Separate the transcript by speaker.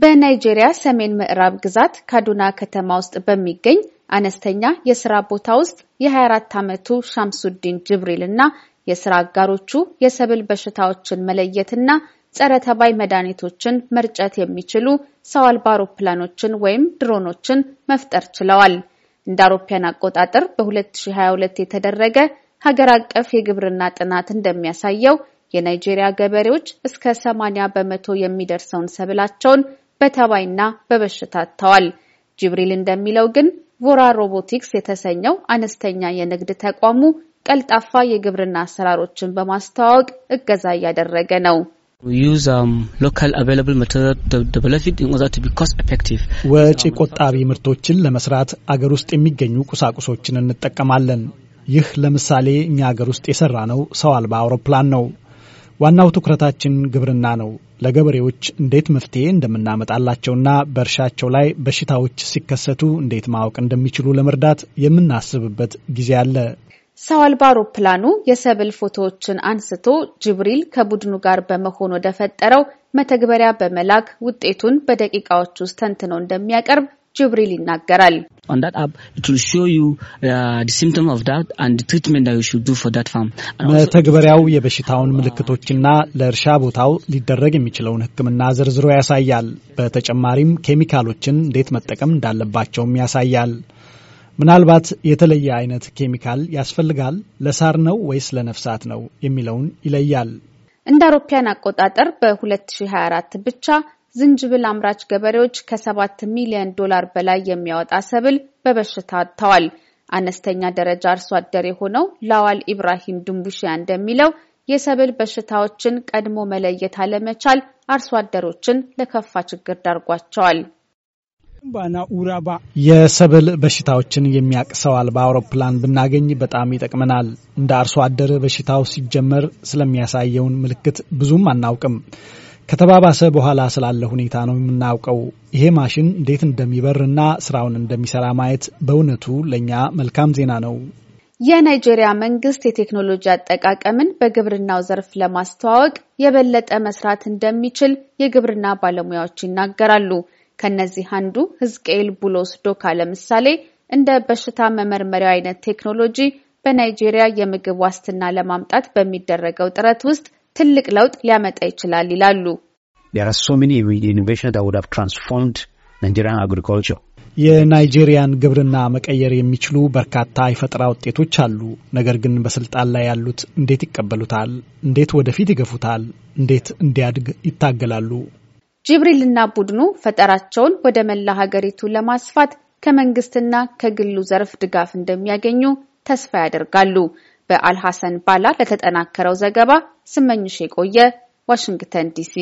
Speaker 1: በናይጄሪያ ሰሜን ምዕራብ ግዛት ካዱና ከተማ ውስጥ በሚገኝ አነስተኛ የስራ ቦታ ውስጥ የ24 ዓመቱ ሻምሱዲን ጅብሪል እና የስራ አጋሮቹ የሰብል በሽታዎችን መለየትና ጸረ ተባይ መድኃኒቶችን መርጨት የሚችሉ ሰው አልባ አውሮፕላኖችን ወይም ድሮኖችን መፍጠር ችለዋል። እንደ አውሮፓያን አቆጣጠር በ2022 የተደረገ ሀገር አቀፍ የግብርና ጥናት እንደሚያሳየው የናይጄሪያ ገበሬዎች እስከ 80 በመቶ የሚደርሰውን ሰብላቸውን በተባይና በበሽታ ተዋል። ጅብሪል እንደሚለው ግን ቮራ ሮቦቲክስ የተሰኘው አነስተኛ የንግድ ተቋሙ ቀልጣፋ የግብርና አሰራሮችን በማስተዋወቅ እገዛ እያደረገ ነው። um,
Speaker 2: ወጪ ቆጣቢ ምርቶችን ለመስራት አገር ውስጥ የሚገኙ ቁሳቁሶችን እንጠቀማለን። ይህ ለምሳሌ እኛ አገር ውስጥ የሰራ ነው ሰው አልባ አውሮፕላን ነው። ዋናው ትኩረታችን ግብርና ነው። ለገበሬዎች እንዴት መፍትሄ እንደምናመጣላቸውና በእርሻቸው ላይ በሽታዎች ሲከሰቱ እንዴት ማወቅ እንደሚችሉ ለመርዳት የምናስብበት ጊዜ አለ።
Speaker 1: ሰው አልባ አውሮፕላኑ የሰብል ፎቶዎችን አንስቶ ጅብሪል ከቡድኑ ጋር በመሆን ወደፈጠረው መተግበሪያ በመላክ ውጤቱን በደቂቃዎች ውስጥ ተንትኖ እንደሚያቀርብ ጅብሪል ይናገራል። መተግበሪያው uh,
Speaker 2: የበሽታውን ምልክቶችና ለእርሻ ቦታው ሊደረግ የሚችለውን ሕክምና ዘርዝሮ ያሳያል። በተጨማሪም ኬሚካሎችን እንዴት መጠቀም እንዳለባቸውም ያሳያል። ምናልባት የተለየ አይነት ኬሚካል ያስፈልጋል፣ ለሳር ነው ወይስ ለነፍሳት ነው የሚለውን ይለያል።
Speaker 1: እንደ አውሮፓያን አቆጣጠር በ2024 ብቻ ዝንጅብል አምራች ገበሬዎች ከሰባት ሚሊዮን ዶላር በላይ የሚያወጣ ሰብል በበሽታ አጥተዋል። አነስተኛ ደረጃ አርሶ አደር የሆነው ላዋል ኢብራሂም ድንቡሽያ እንደሚለው የሰብል በሽታዎችን ቀድሞ መለየት አለመቻል አርሶ አደሮችን ለከፋ ችግር ዳርጓቸዋል።
Speaker 2: የሰብል በሽታዎችን የሚያቅሰዋል በአውሮፕላን ብናገኝ በጣም ይጠቅመናል። እንደ አርሶ አደር በሽታው ሲጀመር ስለሚያሳየውን ምልክት ብዙም አናውቅም። ከተባባሰ በኋላ ስላለ ሁኔታ ነው የምናውቀው። ይሄ ማሽን እንዴት እንደሚበርና ስራውን እንደሚሰራ ማየት በእውነቱ ለእኛ መልካም ዜና ነው።
Speaker 1: የናይጄሪያ መንግስት የቴክኖሎጂ አጠቃቀምን በግብርናው ዘርፍ ለማስተዋወቅ የበለጠ መስራት እንደሚችል የግብርና ባለሙያዎች ይናገራሉ። ከነዚህ አንዱ ህዝቅኤል ቡሎስ ዶካ ለምሳሌ እንደ በሽታ መመርመሪያው አይነት ቴክኖሎጂ በናይጄሪያ የምግብ ዋስትና ለማምጣት በሚደረገው ጥረት ውስጥ ትልቅ ለውጥ ሊያመጣ ይችላል ይላሉ።
Speaker 2: የናይጄሪያን ግብርና መቀየር የሚችሉ በርካታ የፈጠራ ውጤቶች አሉ። ነገር ግን በስልጣን ላይ ያሉት እንዴት ይቀበሉታል? እንዴት ወደፊት ይገፉታል? እንዴት እንዲያድግ ይታገላሉ?
Speaker 1: ጅብሪልና ቡድኑ ፈጠራቸውን ወደ መላ ሀገሪቱ ለማስፋት ከመንግስትና ከግሉ ዘርፍ ድጋፍ እንደሚያገኙ ተስፋ ያደርጋሉ። በአልሐሰን ባላ ለተጠናከረው ዘገባ ስመኝሽ የቆየ ዋሽንግተን ዲሲ